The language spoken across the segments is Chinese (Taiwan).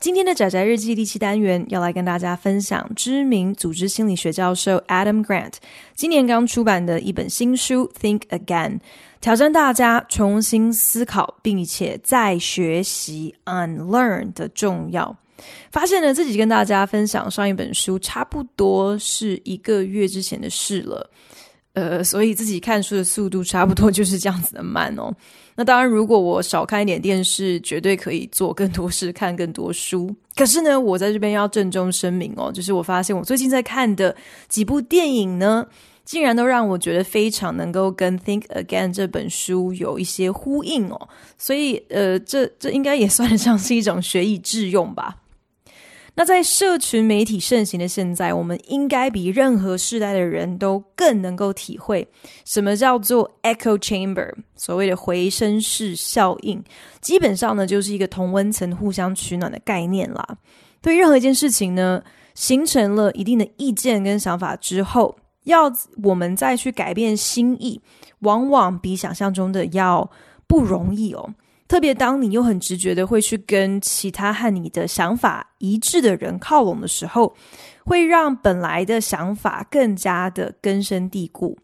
今天的宅宅日記第七單元要來跟大家分享知名組織心理學教授 Adam Grant 今年剛出版的一本新書《Think Again》，挑戰大家重新思考，並且再學習 Unlearn 的重要。發現了自己跟大家分享上一本書差不多是一個月之前的事了，呃，所以自己看書的速度差不多就是這樣子的慢哦。那當然，如果我少看一點電視，絕對可以做更多事，看更多書。可是呢，我在這邊要鄭重聲明哦，就是我發現我最近在看的幾部電影呢，竟然都讓我覺得非常能夠跟《Think Again》這本書有一些呼應哦。所以，呃，這這應該也算得上是一種學以致用吧。那在社群媒體盛行的現在，我們應該比任何世代的人都更能夠體會什麼叫做 echo chamber，所謂的回聲室效應。基本上呢，就是一個同溫層互相取暖的概念啦。對任何一件事情呢，形成了一定的意見跟想法之後，要我們再去改變心意，往往比想象中的要不容易哦。特別當你又很直覺的會去跟其他和你的想法一致的人靠攏的時候，會讓本來的想法更加的根深蒂固。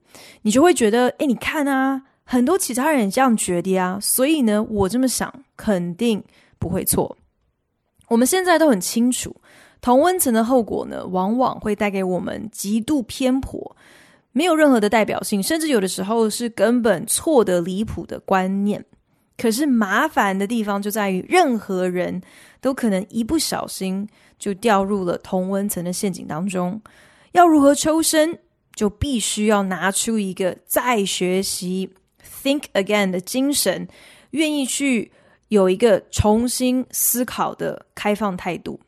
你就會覺得，哎、欸，你看啊，很多其他人也這樣覺得啊，所以呢，我這麼想肯定不會錯。我們現在都很清楚，同溫層的後果呢，往往會帶給我們極度偏頗，沒有任何的代表性，甚至有的時候是根本錯得離譜的觀念。可是麻煩的地方就在於，任何人都可能一不小心就掉入了同溫層的陷阱當中。要如何抽身，就必須要拿出一個再學習、Think Again 的精神，願意去有一個重新思考的開放態度。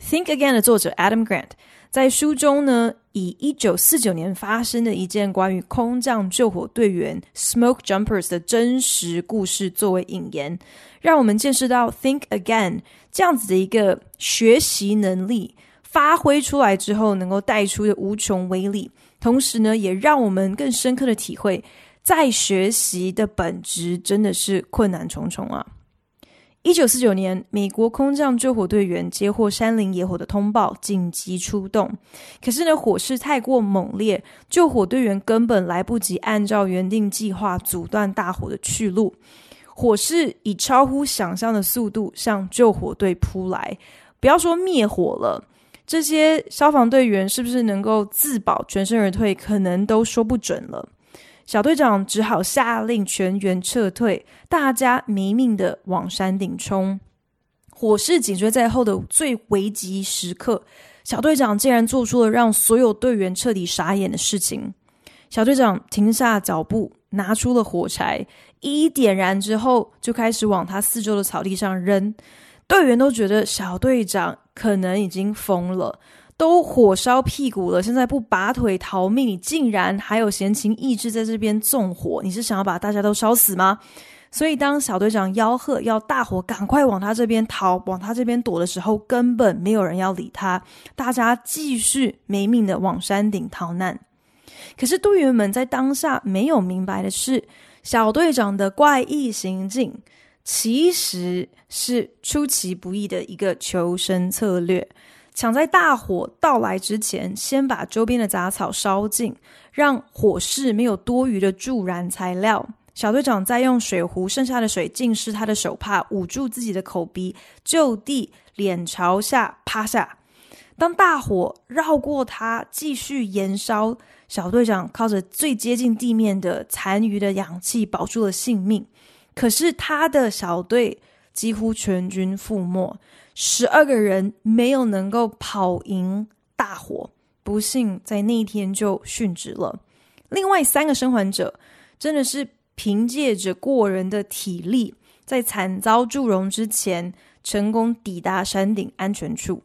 Think Again 的作者 Adam Grant。在書中呢，以一九四九年發生的一件關於空降救火隊員 （Smoke Jumpers） 的真實故事作為引言，讓我們見識到 “Think Again” 這樣子的一個學習能力發揮出來之後，能夠帶出的無窮威力。同時呢，也讓我們更深刻的體會，再學習的本質真的是困難重重啊。一九四九年，美國空降救火隊員接獲山林野火的通報，緊急出動。可是呢，火勢太過猛烈，救火隊員根本來不及按照原定計劃阻斷大火的去路，火勢以超乎想象的速度向救火隊撲來。不要說滅火了，這些消防隊員是不是能夠自保全身而退，可能都說不準了。小隊長只好下令全員撤退，大家沒命的往山頂衝。火勢緊追在後的最危急時刻，小隊長竟然做出了讓所有隊員徹底傻眼的事情：小隊長停下腳步，拿出了火柴，一一點燃之後，就開始往他四周的草地上扔。隊員都覺得小隊長可能已經瘋了。都火燒屁股了，現在不拔腿逃命，你竟然還有閒情逸致在這邊縱火？你是想要把大家都燒死嗎？所以，當小隊長吆喝要大夥趕快往他這邊逃，往他這邊躲的時候，根本沒有人要理他，大家繼續沒命的往山頂逃難。可是，隊員們在當下沒有明白的是，小隊長的怪異行徑其實是出其不意的一個求生策略。搶在大火到來之前，先把周邊的雜草燒盡，讓火勢沒有多餘的助燃材料。小隊長再用水壺剩下的水浸濕他的手帕，捂住自己的口鼻，就地臉朝下趴下。當大火繞過他繼續燃燒，小隊長靠着最接近地面的殘餘的氧氣保住了性命。可是他的小隊。幾乎全軍覆沒，十二個人沒有能夠跑贏大火，不幸在那一天就殉職了。另外三個生還者，真的是憑借着過人的體力，在慘遭祝融之前，成功抵達山頂安全處。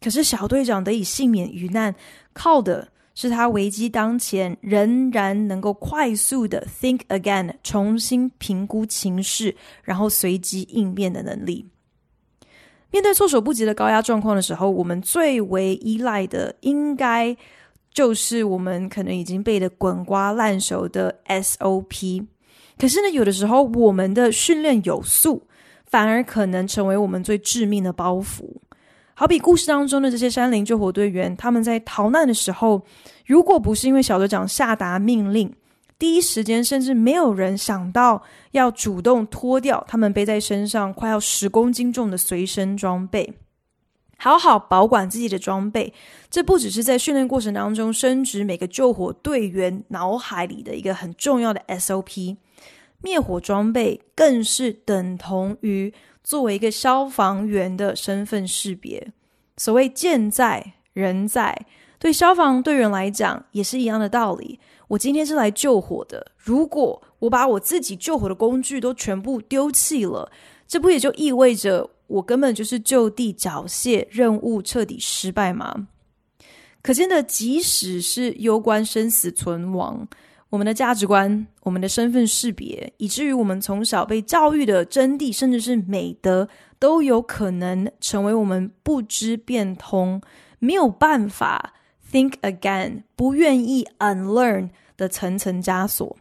可是小隊長得以幸免於難，靠的。是他危機當前仍然能夠快速的 think again，重新評估情勢，然後隨機應變的能力。面對措手不及的高壓狀況的時候，我們最為依賴的應該就是我們可能已經背的滾瓜爛熟的 SOP。可是呢，有的時候我們的訓練有素，反而可能成為我們最致命的包袱。好比故事當中的這些山林救火隊員，他們在逃難的時候，如果不是因為小隊長下達命令，第一時間甚至沒有人想到要主動脫掉他們背在身上快要十公斤重的隨身裝備，好好保管自己的裝備。這不只是在訓練過程當中，深植每個救火隊員腦海裡的一個很重要的 SOP，滅火裝備更是等同於。作為一個消防員的身份識別，所謂“劍在人在”，對消防隊員來講也是一樣的道理。我今天是來救火的，如果我把我自己救火的工具都全部丟棄了，這不也就意味着我根本就是就地繳械，任務徹底失敗嗎？可見的，即使是攸關生死存亡。我們的價值觀、我們的身份識別，以至於我們從小被教育的真諦，甚至是美德，都有可能成為我們不知變通、沒有辦法 think again、不願意 unlearn 的層層枷鎖。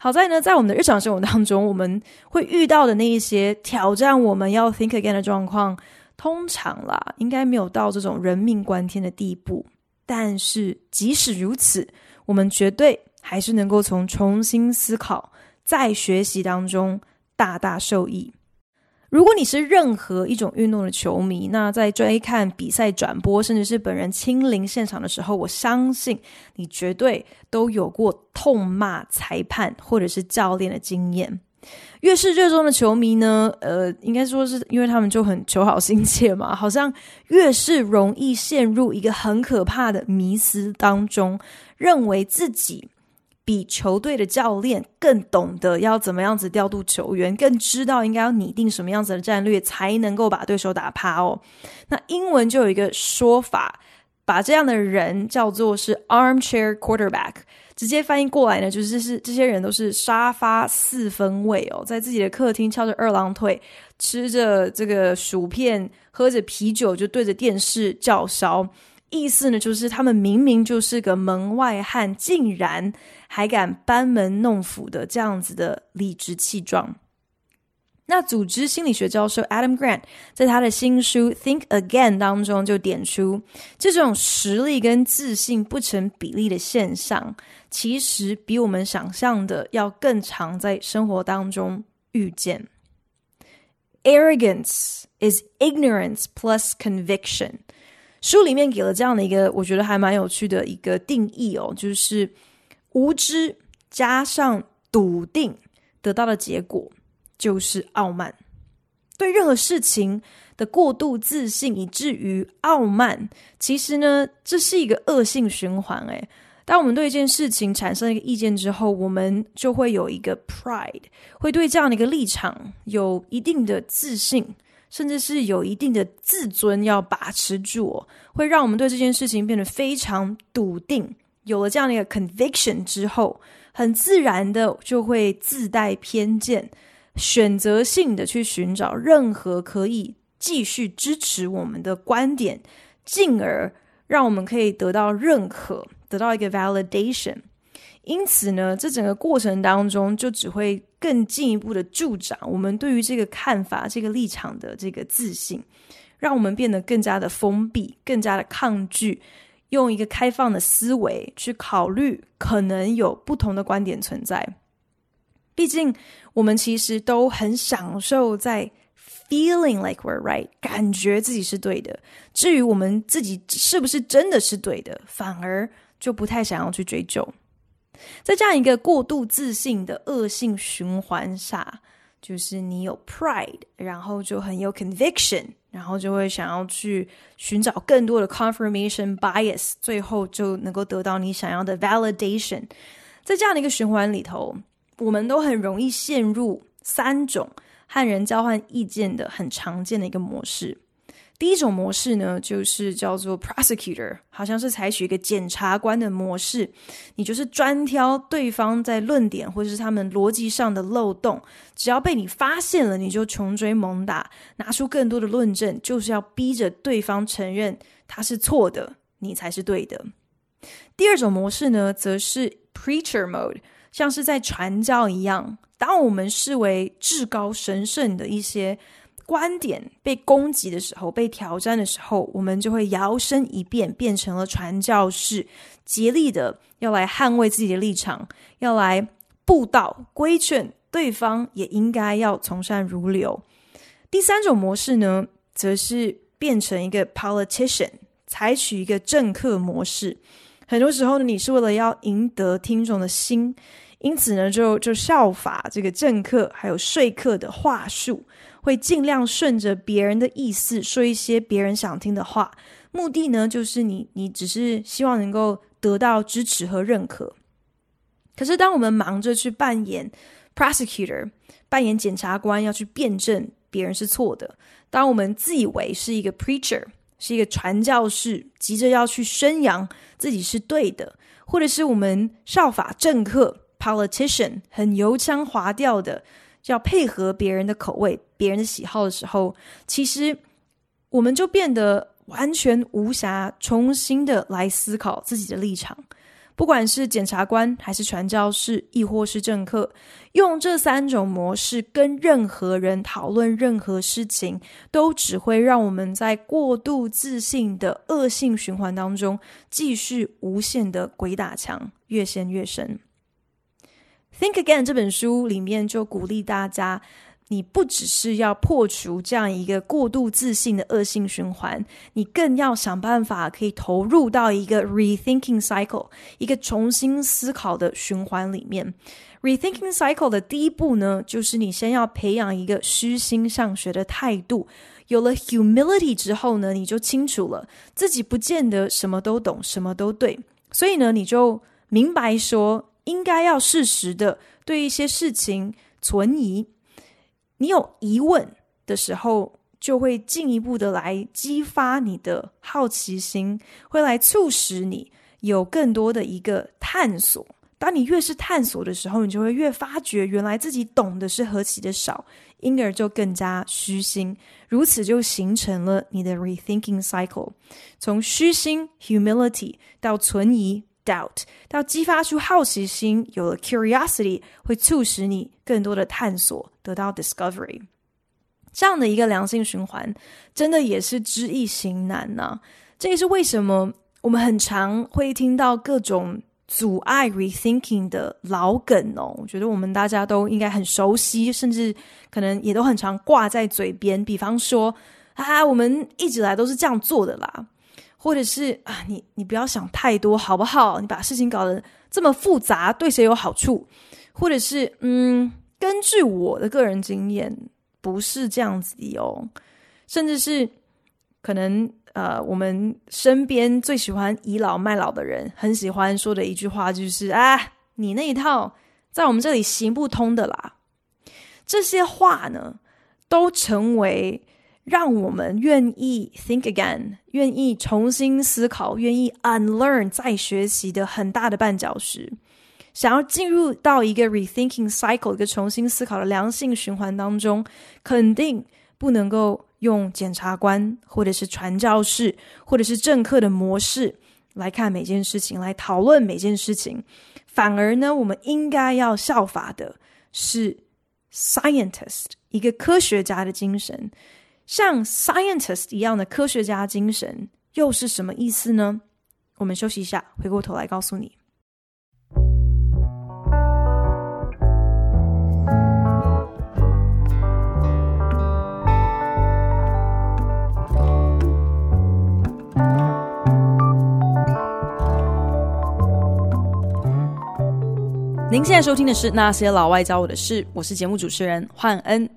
好在呢，在我們的日常生活當中，我們會遇到的那一些挑戰，我們要 think again 的狀況，通常啦，應該沒有到這種人命關天的地步。但是即使如此，我們絕對。還是能夠從重新思考、再學習當中大大受益。如果你是任何一種運動的球迷，那在追看比賽轉播，甚至是本人親臨現場的時候，我相信你絕對都有過痛罵裁判或者是教練的經驗。越是熱衷的球迷呢，呃，應該說是因為他們就很求好心切嘛，好像越是容易陷入一個很可怕的迷思當中，認為自己。比球隊的教練更懂得要怎麼樣子調度球員，更知道應該要擬定什麼樣子的戰略才能夠把對手打趴哦。那英文就有一個說法，把這樣的人叫做是 armchair quarterback，直接翻譯過來呢，就是這是，這些人都是沙發四分衛哦，在自己的客廳翹着二郎腿，吃着這個薯片，喝着啤酒，就對着電視叫囂。意思呢，就是他們明明就是個門外漢，竟然還敢班門弄斧的這樣子的理直氣壯。那組織心理學教授 Adam Grant 在他的新書《Think Again》當中就點出，這種實力跟自信不成比例的現象，其實比我們想象的要更常在生活當中遇見。Arrogance is ignorance plus conviction. 書裡面給了這樣的一個，我覺得還蠻有趣的一個定義哦，就是無知加上篤定，得到的結果就是傲慢。對任何事情的過度自信以至於傲慢，其實呢，這是一個惡性循環。誒，當我們對一件事情產生一個意見之後，我們就會有一個 pride，會對這樣的一個立場有一定的自信。甚至是有一定的自尊要把持住，會讓我們對這件事情變得非常篤定。有了這樣的一個 conviction 之後，很自然的就會自帶偏見，選擇性的去尋找任何可以繼續支持我們的觀點，進而讓我們可以得到認可，得到一個 validation。因此呢，這整個過程當中就只會更進一步的助長我們對於這個看法、這個立場的這個自信，讓我們變得更加的封閉、更加的抗拒，用一個開放的思維去考慮可能有不同的觀點存在。畢竟，我們其實都很享受在 feeling like we're right，感覺自己是對的，至於我們自己是不是真的是對的，反而就不太想要去追究。在這樣一個過度自信的惡性循環下，就是你有 pride，然後就很有 conviction，然後就會想要去尋找更多的 confirmation bias，最後就能夠得到你想要的 validation。在這樣的一個循環裡頭，我們都很容易陷入三種和人交換意見的很常見的一個模式。第一種模式呢，就是叫做 prosecutor，好像是採取一個檢察官的模式，你就是專挑對方在論點或者是他們邏輯上的漏洞，只要被你發現了，你就窮追猛打，拿出更多的論證，就是要逼着對方承認他是錯的，你才是對的。第二種模式呢，則是 preacher mode，像是在傳教一樣，當我們視為至高神聖的一些。觀點被攻擊的時候，被挑戰的時候，我們就會搖身一變，變成了傳教士，竭力的要來捍衛自己的立場，要來布道規勸對方，也應該要從善如流。第三種模式呢，則是變成一個 politician，採取一個政客模式。很多時候呢，你是為了要贏得聽眾的心，因此呢，就就效法這個政客還有說客的話術。會盡量順着別人的意思說一些別人想聽的話，目的呢，就是你你只是希望能夠得到支持和認可。可是，當我們忙着去扮演 prosecutor，扮演檢察官，要去辯證別人是錯的；當我們自以為是一個 preacher，是一個傳教士，急着要去宣揚自己是對的，或者是我們效法政客 politician 很油腔滑調的，要配合別人的口味。別人的喜好的時候，其實我們就變得完全無暇重新的來思考自己的立場。不管是檢察官，還是傳教士，抑或是政客，用這三種模式跟任何人討論任何事情，都只會讓我們在過度自信的惡性循環當中，繼續無限的鬼打牆，越陷越深。Think Again 這本書裡面就鼓勵大家，你不只是要破除這樣一個過度自信的惡性循環，你更要想辦法可以投入到一個 rethinking cycle，一個重新思考的循環裡面。Rethinking cycle 的第一步呢，就是你先要培養一個虛心上學的態度。有了 humility 之後呢，你就清楚了自己不見得什麼都懂，什麼都對，所以呢，你就明白說應該要適時的對一些事情存疑。你有疑問的時候，就會進一步的來激發你的好奇心，會來促使你有更多的一個探索。當你越是探索的時候，你就會越發覺原來自己懂的是何其的少，因而就更加虛心，如此就形成了你的 rethinking cycle，從虛心 humility 到存疑。doubt 到激發出好奇心，有了 curiosity 會促使你更多的探索，得到 discovery 這樣的一個良性循環，真的也是知易行難呢、啊。這也是為什麼我們很常會聽到各種阻礙 rethinking 的老梗哦。我覺得我們大家都應該很熟悉，甚至可能也都很常掛在嘴邊。比方說哈哈，我們一直以來都是這樣做的啦。或者是啊，你你不要想太多好不好？你把事情搞得這麼複雜，對誰有好處？或者是嗯，根據我的個人經驗，不是這樣子的哦。甚至是可能呃，我們身邊最喜歡倚老賣老的人，很喜歡說的一句話就是啊，你那一套在我們這裡行不通的啦。這些話呢，都成為讓我們願意 think again，願意重新思考，願意 unlearn 再學習的很大的絆腳石。想要進入到一個 rethinking cycle，一個重新思考的良性循環當中，肯定不能夠用檢察官或者是傳教士或者是政客的模式來看每件事情，來討論每件事情。反而呢，我們應該要效法的是 scientist，一個科學家的精神。像 scientist 一樣的科學家精神又是什麼意思呢？我們休息一下，回過頭來告訴你。您現在收聽的是《那些老外教我的事》，我是節目主持人煥恩。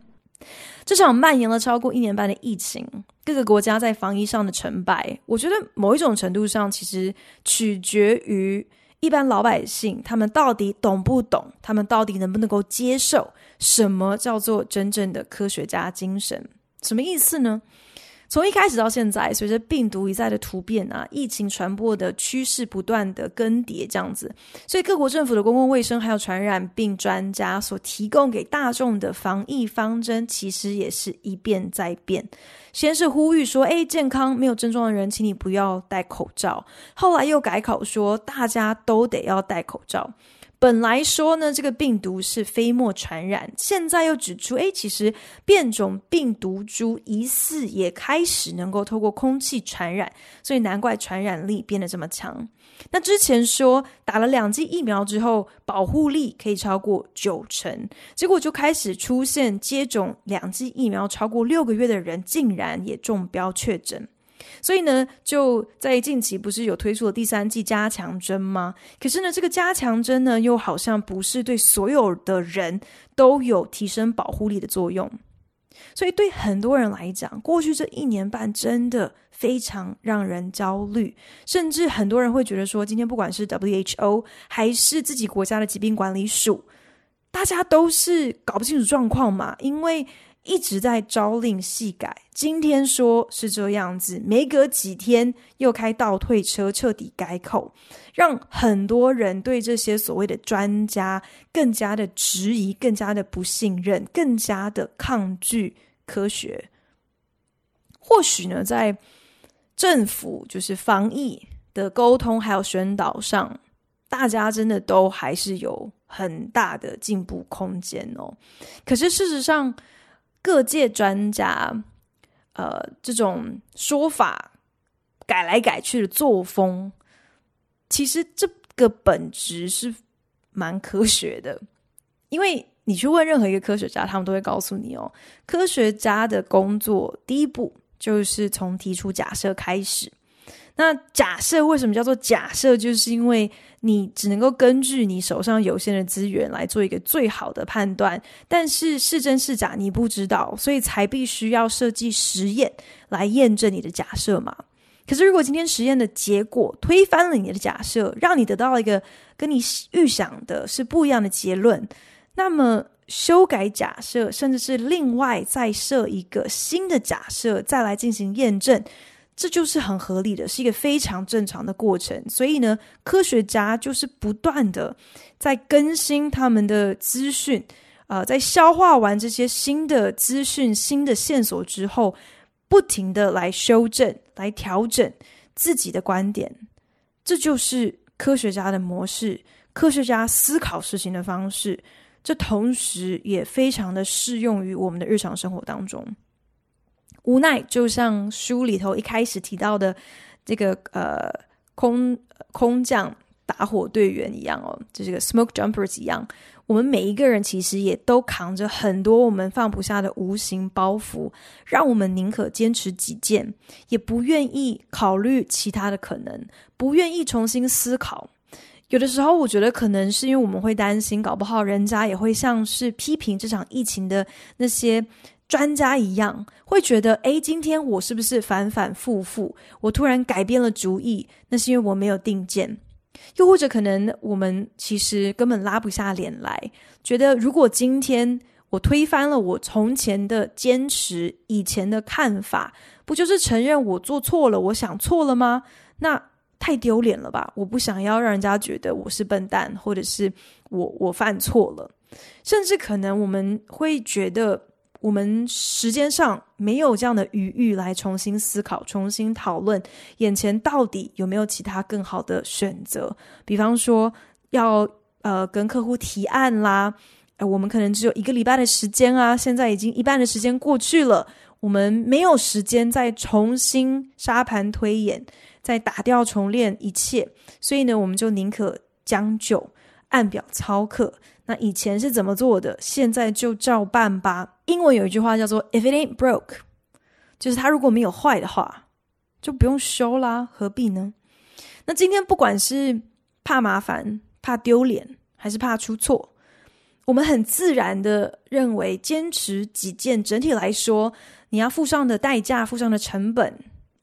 這場蔓延了超過一年半的疫情，各個國家在防疫上的成敗，我覺得某一種程度上，其實取決於一般老百姓他們到底懂不懂，他們到底能不能夠接受什麼叫做真正的科學家精神，什麼意思呢？從一開始到現在，隨着病毒一再的突變啊，疫情傳播的趨勢不斷的更迭，這樣子，所以各國政府的公共衛生還有傳染病專家所提供給大眾的防疫方針，其實也是一變再變。先是呼籲說，哎，健康沒有症狀的人，請你不要戴口罩；後來又改口說，大家都得要戴口罩。本來說呢，這個病毒是飛沫傳染，現在又指出，哎，其實變種病毒株疑似也開始能夠透過空氣傳染，所以難怪傳染力變得這麼強。那之前說打了兩劑疫苗之後，保護力可以超過九成，結果就開始出現接種兩劑疫苗超過六個月的人竟然也中標確診。所以呢，就在近期不是有推出了第三劑加強針嗎？可是呢，這個加強針呢，又好像不是對所有的人都有提升保護力的作用。所以對很多人來講，過去這一年半真的非常讓人焦慮，甚至很多人會覺得說，今天不管是 WHO 還是自己國家的疾病管理署，大家都是搞不清楚狀況嘛，因為，一直在朝令夕改，今天說是這樣子，沒隔幾天又開倒退車，徹底改口，讓很多人對這些所謂的專家更加的質疑，更加的不信任，更加的抗拒科學。或許呢，在政府就是防疫的溝通還有宣導上，大家真的都還是有很大的進步空間哦。可是事實上，各界專家，呃，這種說法改來改去的作風，其實這個本質是蠻科學的，因為你去問任何一個科學家，他們都會告訴你哦，科學家的工作第一步就是從提出假設開始。那假設為什麼叫做假設？就是因為你只能夠根據你手上有限的資源來做一個最好的判斷，但是是真是假你不知道，所以才必須要設計實驗來驗證你的假設嘛。可是如果今天實驗的結果推翻了你的假設，讓你得到一個跟你預想的是不一樣的結論，那麼修改假設，甚至是另外再設一個新的假設，再來進行驗證。這就是很合理的，是一個非常正常的過程，所以呢，科學家就是不斷的在更新他們的資訊，啊、呃，在消化完這些新的資訊、新的線索之後，不停的來修正、來調整自己的觀點，這就是科學家的模式，科學家思考事情的方式，這同時也非常的適用於我們的日常生活當中。無奈，就像書裡頭一開始提到的這個呃空、空降打火隊員一樣哦，就這個 smoke jumpers 一樣。我們每一個人其實也都扛着很多我們放不下的無形包袱，讓我們寧可堅持己見，也不願意考慮其他的可能，不願意重新思考。有的時候，我覺得可能是因為我們會擔心，搞不好人家也會像是批評這場疫情的那些。專家一樣會覺得，誒，今天我是不是反反复覆？我突然改變了主意，那是因為我沒有定見。又或者可能我們其實根本拉不下臉來，覺得如果今天我推翻了我從前的堅持、以前的看法，不就是承認我做錯了、我想錯了嗎？那太丟臉了吧！我不想要讓人家覺得我是笨蛋，或者是我我犯錯了。甚至可能我們會覺得。我們時間上沒有這樣的餘裕來重新思考、重新討論眼前到底有沒有其他更好的選擇。比方說，要呃跟客戶提案啦、呃，我們可能只有一個禮拜的時間啊，現在已經一半的時間過去了，我們沒有時間再重新沙盤推演、再打掉重練一切，所以呢，我們就寧可將就。按表操課，那以前是怎麼做的？現在就照辦吧。英文有一句話叫做 "If it ain't broke，"，就是它如果沒有壞的話，就不用修啦，何必呢？那今天不管是怕麻煩、怕丟臉，還是怕出錯，我們很自然的認為，堅持己見，整體來說，你要付上的代價、付上的成本，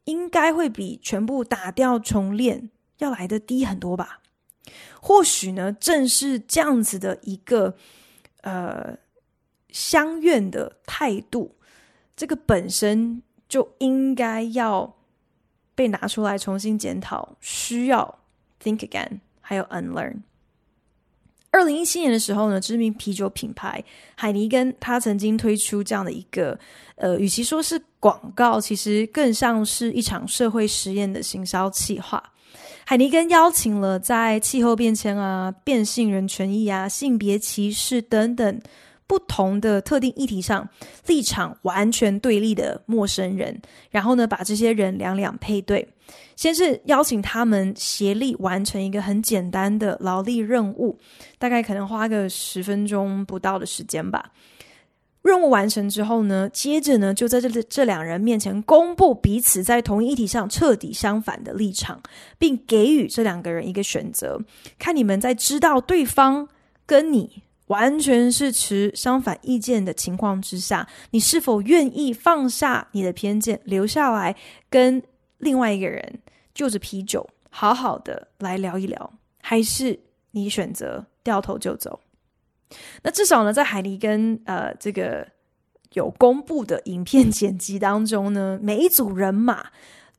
應該會比全部打掉重練要來得低很多吧。或許呢，正是這樣子的一個呃相怨的態度，這個本身就應該要被拿出來重新檢討，需要 think again，還有 unlearn。二零一七年的時候呢，知名啤酒品牌海尼根，他曾經推出這樣的一個呃，與其說是廣告，其實更像是一場社會實驗的行銷企劃。海尼根邀請了在氣候變遷啊、變性人權益啊、性別歧視等等不同的特定議題上立場完全對立的陌生人，然後呢，把這些人兩兩配對，先是邀請他們協力完成一個很簡單的勞力任務，大概可能花個十分鐘不到的時間吧。任務完成之後呢，接着呢，就在這這兩人面前公布彼此在同一議題上徹底相反的立場，並給予這兩個人一個選擇：看你們在知道對方跟你完全是持相反意見的情況之下，你是否願意放下你的偏見，留下來跟另外一個人就着啤酒好好的來聊一聊，還是你選擇掉頭就走？那至少呢，在海尼根呃，這個有公布的影片剪輯當中呢，每一組人馬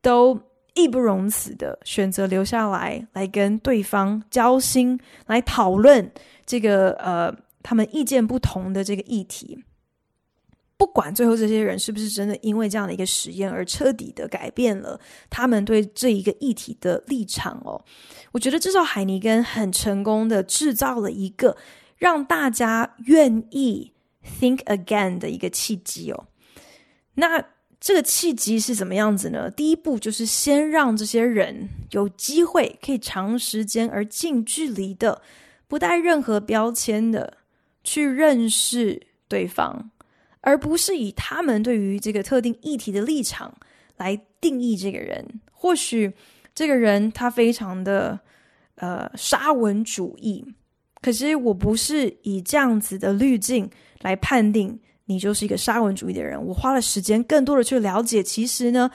都義不容辭的選擇留下來，來跟對方交心，來討論這個呃他們意見不同的這個議題。不管最後這些人是不是真的因為這樣的一個實驗而徹底的改變了他們對這一個議題的立場哦，我覺得至少海尼根很成功的製造了一個。讓大家願意 think again 的一個契機哦。那這個契機是怎麼樣子呢？第一步就是先讓這些人有機會可以長時間而近距離的，不帶任何標籤的去認識對方，而不是以他們對於這個特定議題的立場來定義這個人。或許這個人他非常的呃沙文主義。可是我不是以這樣子的濾鏡來判定你就是一個沙文主義的人。我花了時間更多的去了解，其實呢，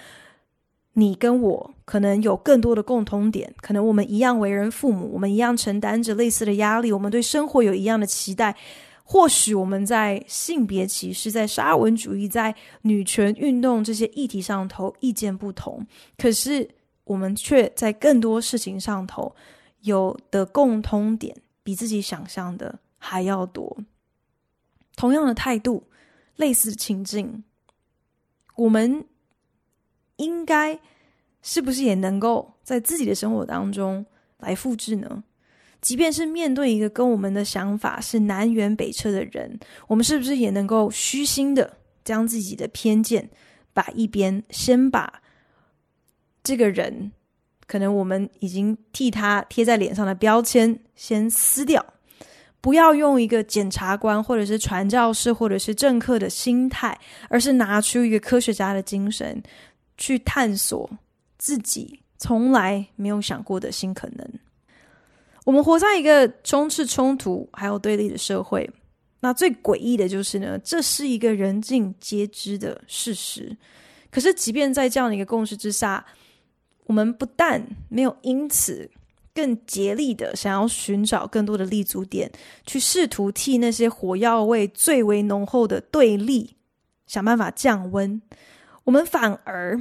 你跟我可能有更多的共通點。可能我們一樣為人父母，我們一樣承擔着類似的壓力，我們對生活有一樣的期待。或許我們在性別歧視、在沙文主義、在女權運動這些議題上頭意見不同，可是我們卻在更多事情上頭有的共通點。比自己想象的還要多。同樣的態度，類似情境，我們應該是不是也能夠在自己的生活當中來複製呢？即便是面對一個跟我們的想法是南轅北轍的人，我們是不是也能夠虛心的將自己的偏見，把一邊先把這個人。可能我們已經替他貼在臉上的標籤先撕掉，不要用一個檢察官或者是傳教士或者是政客的心態，而是拿出一個科學家的精神去探索自己從來沒有想過的新可能。我們活在一個充斥衝突還有對立的社會，那最詭異的就是呢，這是一個人盡皆知的事實。可是，即便在這樣的一個共識之下。我們不但沒有因此更竭力的想要尋找更多的立足點，去試圖替那些火藥味最為濃厚的對立想辦法降溫，我們反而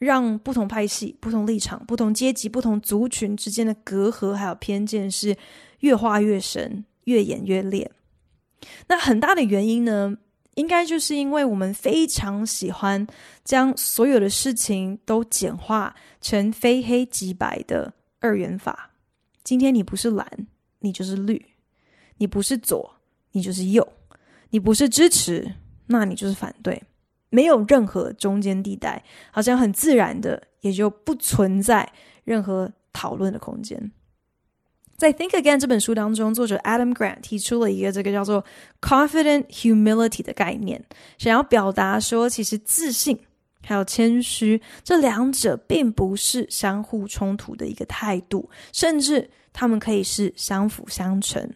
讓不同派系、不同立場、不同階級、不同族群之間的隔閡還有偏見是越劃越深、越演越烈。那很大的原因呢？應該就是因為我們非常喜歡將所有的事情都簡化成非黑即白的二元法。今天你不是藍，你就是綠；你不是左，你就是右；你不是支持，那你就是反對。沒有任何中間地帶，好像很自然的，也就不存在任何討論的空間。在《Think Again》這本書當中，作者 Adam Grant 提出了一個這個叫做 “Confident Humility” 的概念，想要表達說，其實自信還有謙虛這兩者並不是相互衝突的一個態度，甚至他們可以是相輔相成。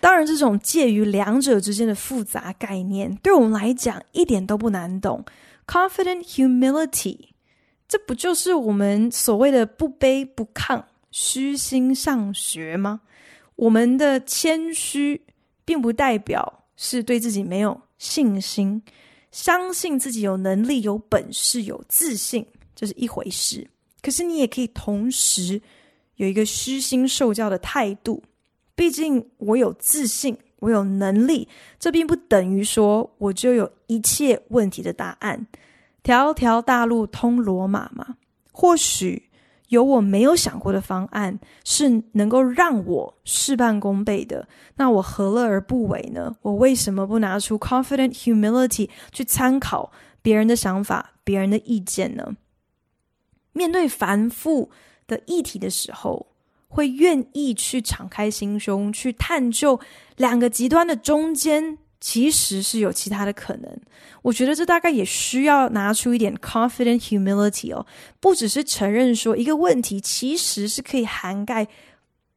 當然，這種介於兩者之間的複雜概念，對我們來講一點都不難懂。“Confident Humility” 這不就是我們所謂的不卑不亢？虛心上學嗎？我們的謙虛，並不代表是對自己沒有信心，相信自己有能力、有本事、有自信，這是一回事。可是你也可以同時有一個虛心受教的態度。畢竟我有自信，我有能力，這並不等於說我就有一切問題的答案。條條大路通羅馬嘛，或許。有我沒有想過的方案，是能夠讓我事半功倍的，那我何樂而不為呢？我為什麼不拿出 confident humility 去參考別人的想法、別人的意見呢？面對繁複的議題的時候，會願意去敞開心胸，去探究兩個極端的中間。其實是有其他的可能，我覺得這大概也需要拿出一點 confident humility 哦，不只是承認說一個問題其實是可以涵蓋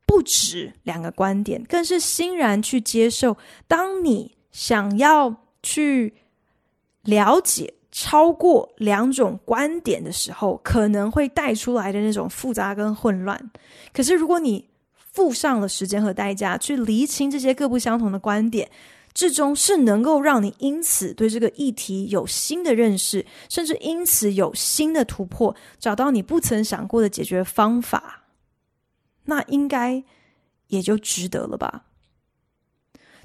不止兩個觀點，更是欣然去接受。當你想要去了解超過兩種觀點的時候，可能會帶出來的那種複雜跟混亂。可是如果你付上了時間和代價去理清這些各不相同的觀點。至終是能夠讓你因此對這個議題有新的認識，甚至因此有新的突破，找到你不曾想過的解決方法，那應該也就值得了吧。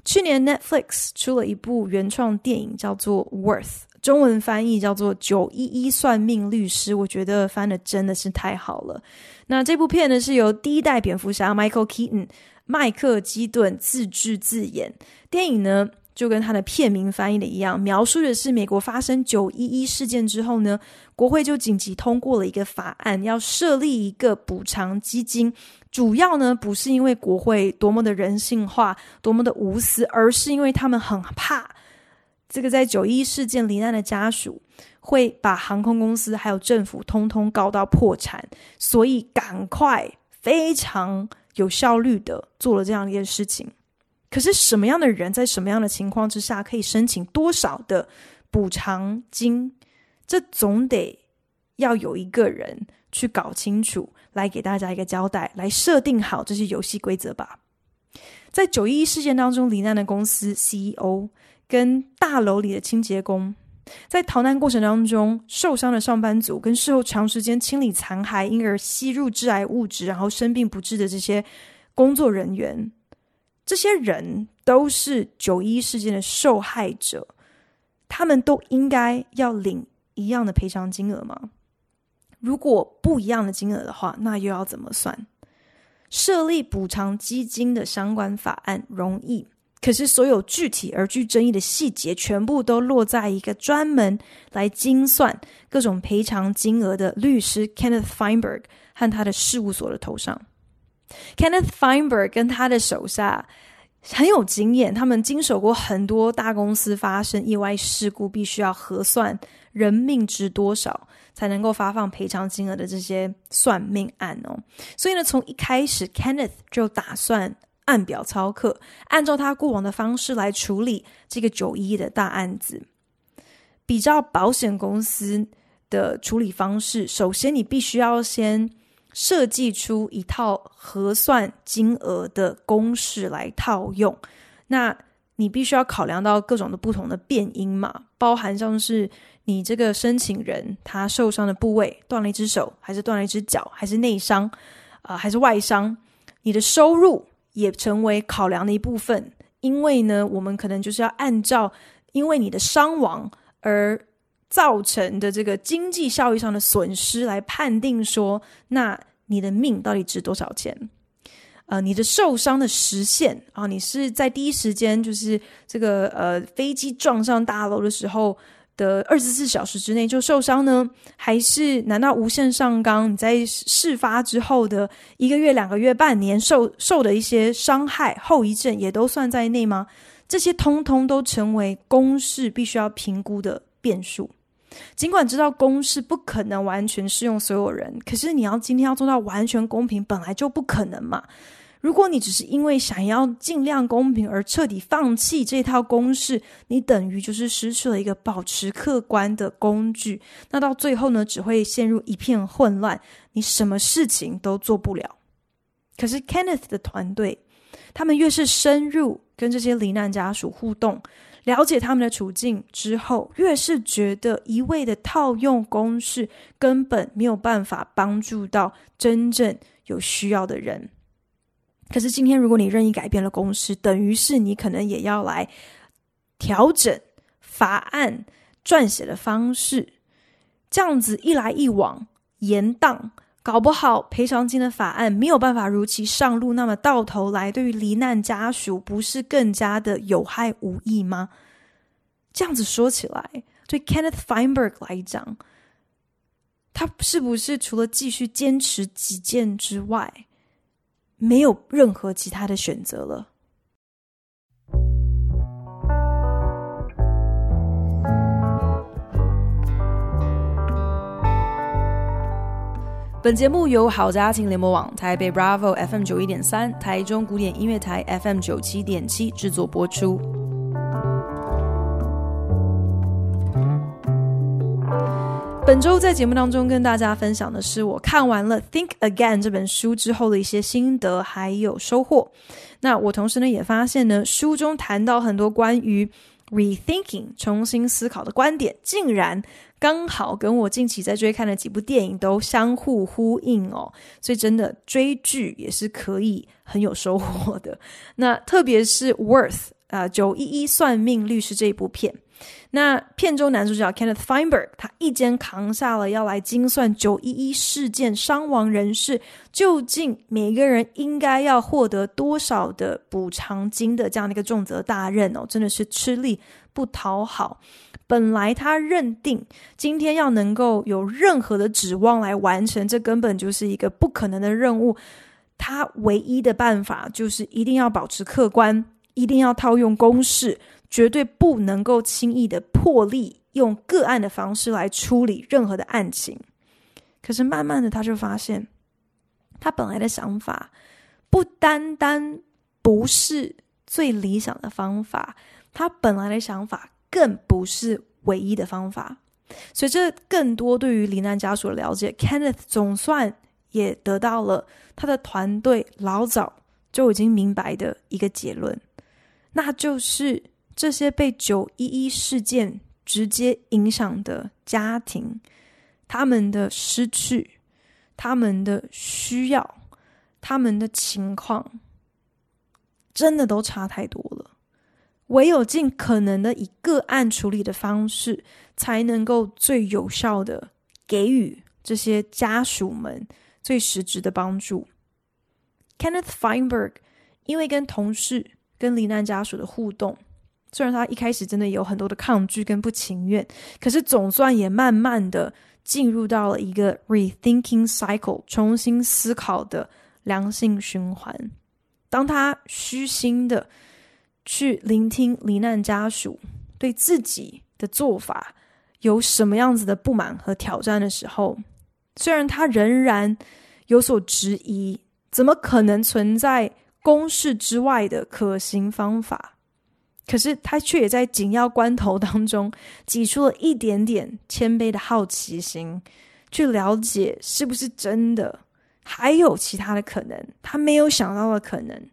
去年 Netflix 出了一部原創電影，叫做《Worth》，中文翻譯叫做《九一一算命律師》，我覺得翻得真的是太好了。那這部片呢，是由第一代蝙蝠俠 Michael Keaton。麥克基頓自製自演電影呢，就跟他的片名翻譯的一樣，描述的是美國發生九一一事件之後呢，國會就緊急通過了一個法案，要設立一個補償基金。主要呢不是因為國會多麼的人性化、多麼的無私，而是因為他們很怕這個在九一一事件罹難的家屬會把航空公司還有政府通通告到破產，所以趕快非常，有效率的做了這樣一件事情，可是什麼樣的人在什麼樣的情況之下可以申請多少的補償金？這總得要有一個人去搞清楚，來給大家一個交代，來設定好這些遊戲規則吧。在九一一事件當中，罹難的公司 CEO 跟大樓裡的清潔工，在逃難過程當中受傷的上班族，跟事後長時間清理殘骸因而吸入致癌物質，然後生病不治的這些工作人員，這些人都是九一一事件的受害者，他們都應該要領一樣的賠償金額嗎？如果不一樣的金額的話，那又要怎麼算？設立補償基金的相關法案容易。可是，所有具體而具爭議的細節，全部都落在一個專門來精算各種賠償金額的律師 Kenneth Feinberg 和他的事務所的頭上。Kenneth Feinberg 跟他的手下很有經驗，他們經手過很多大公司發生意外事故，必須要核算人命值多少才能夠發放賠償金額的這些算命案哦。所以呢，從一開始，Kenneth 就打算。按表操課，按照他過往的方式來處理這個九一一的大案子，比照保險公司的處理方式。首先，你必須要先設計出一套核算金額的公式來套用。那你必須要考量到各種的不同的變因嘛，包含像是你這個申請人他受傷的部位，斷了一隻手還是斷了一隻腳，還是內傷啊，還是外傷？你的收入，也成為考量的一部分，因為呢，我們可能就是要按照因為你的傷亡而造成的這個經濟效益上的損失來判定說，那你的命到底值多少錢？呃，你的受傷的時限啊，你是在第一時間就是這個呃飛機撞上大樓的時候。的二十四小時之內就受傷呢，還是難道無限上綱？你在事發之後的一個月、兩個月、半年受受的一些傷害、後遺症，也都算在內嗎？這些通通都成為公式必須要評估的變數。儘管知道公式不可能完全適用所有人，可是你要今天要做到完全公平，本來就不可能嘛。如果你只是因為想要盡量公平而徹底放棄這套公式，你等於就是失去了一個保持客觀的工具。那到最後呢，只會陷入一片混亂，你什麼事情都做不了。可是 Kenneth 的團隊，他們越是深入跟這些罹難家屬互動，了解他們的處境之後，越是覺得一味的套用公式根本沒有辦法幫助到真正有需要的人。可是今天，如果你任意改變了公式，等於是你可能也要來調整法案撰寫的方式。這樣子一來一往，延宕，搞不好賠償金的法案沒有辦法如期上路，那麼到頭來，對於罹難家屬，不是更加的有害無益嗎？這樣子說起來，對 Kenneth Feinberg 來講，他是不是除了繼續堅持己見之外，沒有任何其他的選擇了。本節目由好家庭聯播網、台北 Bravo FM 九一點三、台中古典音樂台 FM 九七點七製作播出。本周在節目當中跟大家分享的是我看完了《Think Again》這本書之後的一些心得還有收穫。那我同時呢也發現呢，書中談到很多關於 rethinking 重新思考的觀點，竟然剛好跟我近期在追看的幾部電影都相互呼應哦。所以真的追劇也是可以很有收穫的。那特別是《Worth》啊，《911算命律師》這一部片。那片中男主角 Kenneth Feinberg，他一肩扛下了要來精算九一一事件傷亡人士究竟每個人應該要獲得多少的補償金的這樣的一個重責大任哦，真的是吃力不討好。本來他認定今天要能夠有任何的指望來完成，這根本就是一個不可能的任務。他唯一的辦法就是一定要保持客觀，一定要套用公式。絕對不能夠輕易的破例，用個案的方式來處理任何的案情。可是慢慢的，他就發現，他本來的想法，不單單不是最理想的方法，他本來的想法更不是唯一的方法。隨着更多對於罹難家屬的了解 ，Kenneth 總算也得到了他的團隊老早就已經明白的一個結論，那就是。這些被九一一事件直接影響的家庭，他們的失去，他們的需要，他們的情況，真的都差太多了。唯有盡可能的以個案處理的方式，才能夠最有效的給予這些家屬們最實質的幫助。Kenneth Feinberg 因為跟同事、跟罹難家屬的互動。雖然他一開始真的有很多的抗拒跟不情願，可是總算也慢慢的進入到了一個 rethinking cycle，重新思考的良性循環。當他虛心的去聆聽罹難家屬對自己的做法有什麼樣子的不滿和挑戰的時候，雖然他仍然有所質疑，怎麼可能存在公式之外的可行方法？可是他卻也在緊要關頭當中擠出了一點點謙卑的好奇心，去了解是不是真的，還有其他的可能，他沒有想到的可能。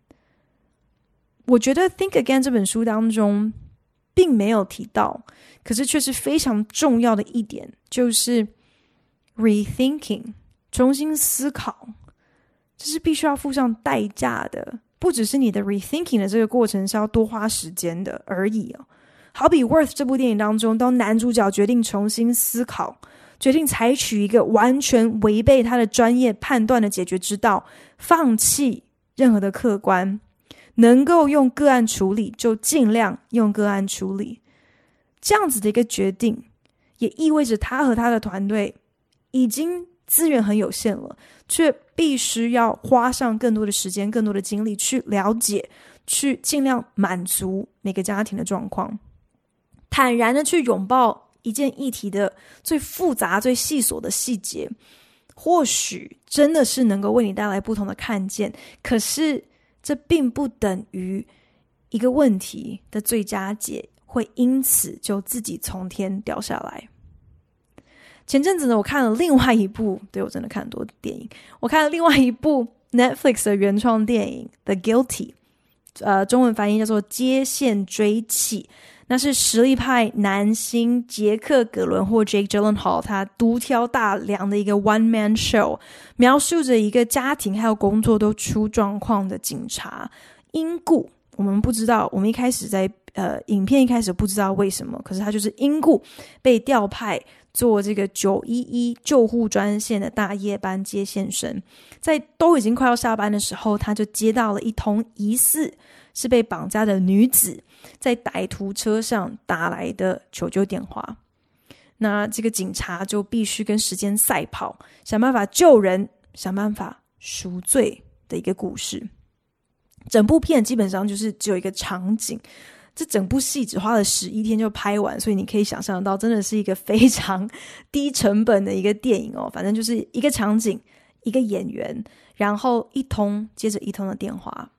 我覺得《Think Again》這本書當中並沒有提到，可是卻是非常重要的一點，就是 rethinking，重新思考，這是必須要付上代價的。不只是你的 rethinking 的這個過程是要多花時間的而已哦。好比《Worth》這部電影當中，當男主角決定重新思考，決定採取一個完全違背他的專業判斷的解決之道，放棄任何的客觀，能夠用個案處理就儘量用個案處理，這樣子的一個決定，也意味着他和他的團隊已經，資源很有限了，卻必須要花上更多的時間、更多的精力去了解，去盡量滿足每個家庭的狀況。坦然的去擁抱一件議題的最複雜、最細瑣的細節，或許真的是能夠為你帶來不同的看見。可是，這並不等於一個問題的最佳解會因此就自己從天掉下來。前陣子呢，我看了另外一部對我真的看很多的電影，我看了另外一部 Netflix 的原創電影《The Guilty》，呃，中文翻譯叫做《接線追緝》，那是實力派男星傑克·葛倫或 Jake Gyllenhaal 他獨挑大梁的一個 One Man Show，描述着一個家庭還有工作都出狀況的警察，因故我們不知道，我們一開始在呃影片一開始不知道為什麼，可是他就是因故被調派。做這個九一一救護專線的大夜班接線生，在都已經快要下班的時候，他就接到了一通疑似是被綁架的女子在歹徒車上打來的求救電話。那這個警察就必須跟時間賽跑，想辦法救人，想辦法贖罪的一個故事。整部片基本上就是只有一個場景。這整部戲只花了十一天就拍完，所以你可以想象到，真的是一個非常低成本的一個電影哦。反正就是一個場景，一個演員，然後一通接着一通的電話，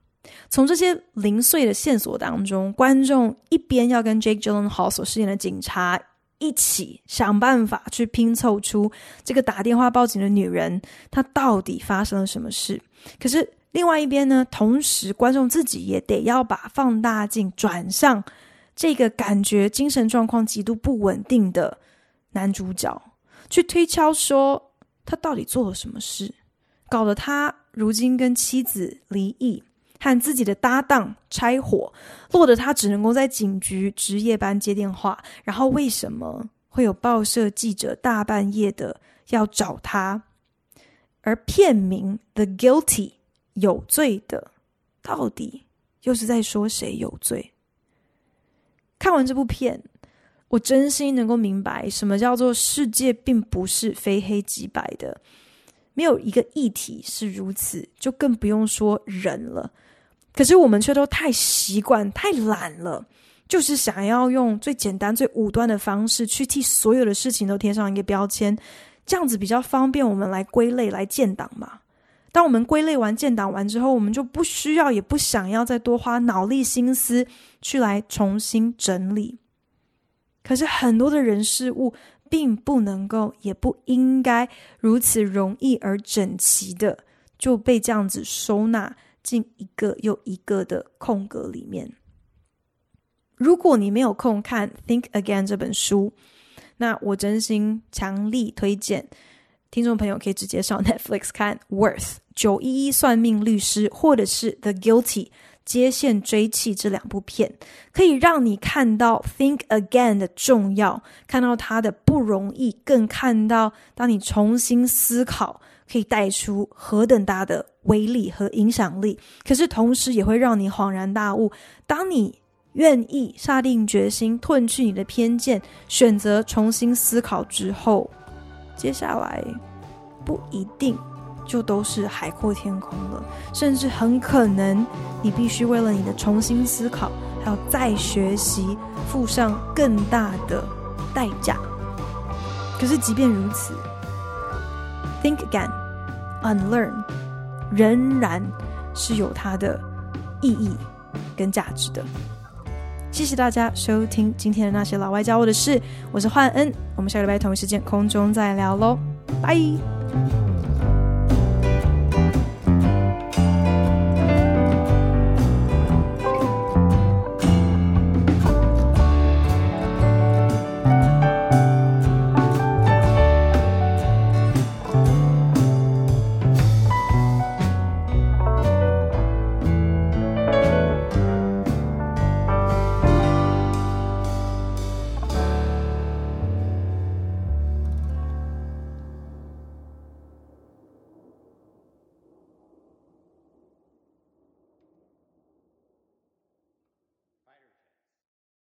從這些零碎的線索當中，觀眾一邊要跟 Jake Gyllenhaal 所飾演的警察一起想辦法去拼湊出這個打電話報警的女人，她到底發生了什麼事，可是，另外一邊呢，同時觀眾自己也得要把放大鏡轉向這個感覺精神狀況極度不穩定的男主角，去推敲說他到底做了什麼事，搞得他如今跟妻子離異，和自己的搭檔拆夥，落得他只能夠在警局值夜班接電話。然後為什麼會有報社記者大半夜的要找他？而片名《The Guilty》。有罪的，到底又是在說誰有罪？看完這部片，我真心能夠明白，什麼叫做世界並不是非黑即白的，沒有一個議題是如此，就更不用說人了。可是我們卻都太習慣、太懶了，就是想要用最簡單、最武斷的方式，去替所有的事情都貼上一個標籤，這樣子比較方便我們來歸類、來建檔嘛。當我們歸類完、建檔完之後，我們就不需要也不想要再多花腦力心思去來重新整理。可是很多的人事物，並不能夠也不應該如此容易而整齊的就被這樣子收納進一個又一個的空格裡面。如果你沒有空看《Think Again》這本書，那我真心強力推薦。聽眾朋友可以直接上 Netflix 看《Worth》九一一算命律師，或者是《The Guilty》接線追緝這兩部片，可以讓你看到 Think Again 的重要，看到它的不容易，更看到當你重新思考可以帶出何等大的威力和影響力。可是同時也會讓你恍然大悟：當你願意下定決心褪去你的偏見，選擇重新思考之後。接下來不一定就都是海闊天空了，甚至很可能你必須為了你的重新思考，還有再學習，付上更大的代價。可是即便如此，Think Again, Unlearn, 仍然是有它的意義跟價值的。謝謝大家收聽今天的那些老外教我的事，我是煥恩，我們下禮拜同一時間空中再聊嘍，拜。